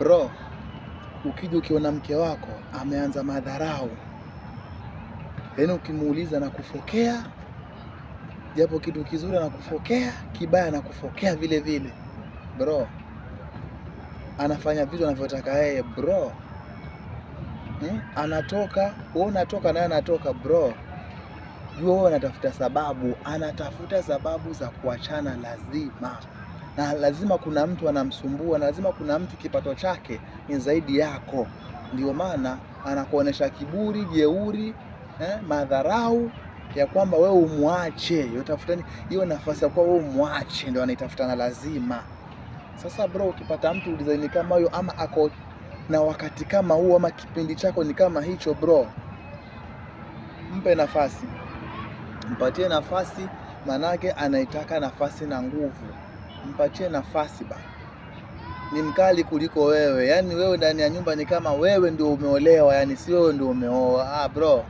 Bro, ukija ukiona mke wako ameanza madharau, yaani ukimuuliza na kufokea, japo kitu kizuri anakufokea, kibaya anakufokea vile vile. Bro, anafanya vitu anavyotaka yeye bro, hmm? Anatoka wewe unatoka naye anatoka bro. Jua wewe anatafuta sababu, anatafuta sababu za kuachana lazima na lazima kuna mtu anamsumbua, na lazima kuna mtu kipato chake ni zaidi yako. Ndio maana anakuonesha kiburi, jeuri, eh, madharau ya kwamba wewe umwache, yotafutani hiyo nafasi ya kuwa wewe umwache, ndio anaitafutana lazima. Sasa bro, ukipata mtu design kama huyo ama ako na wakati kama huo ama kipindi chako ni kama hicho bro, mpe nafasi, mpatie nafasi, manake anaitaka nafasi na nguvu mpatie nafasi ba ni mkali kuliko wewe. Yani wewe ndani ya nyumba ni kama wewe ndio umeolewa, yani si wewe ndio umeoa. Ah bro.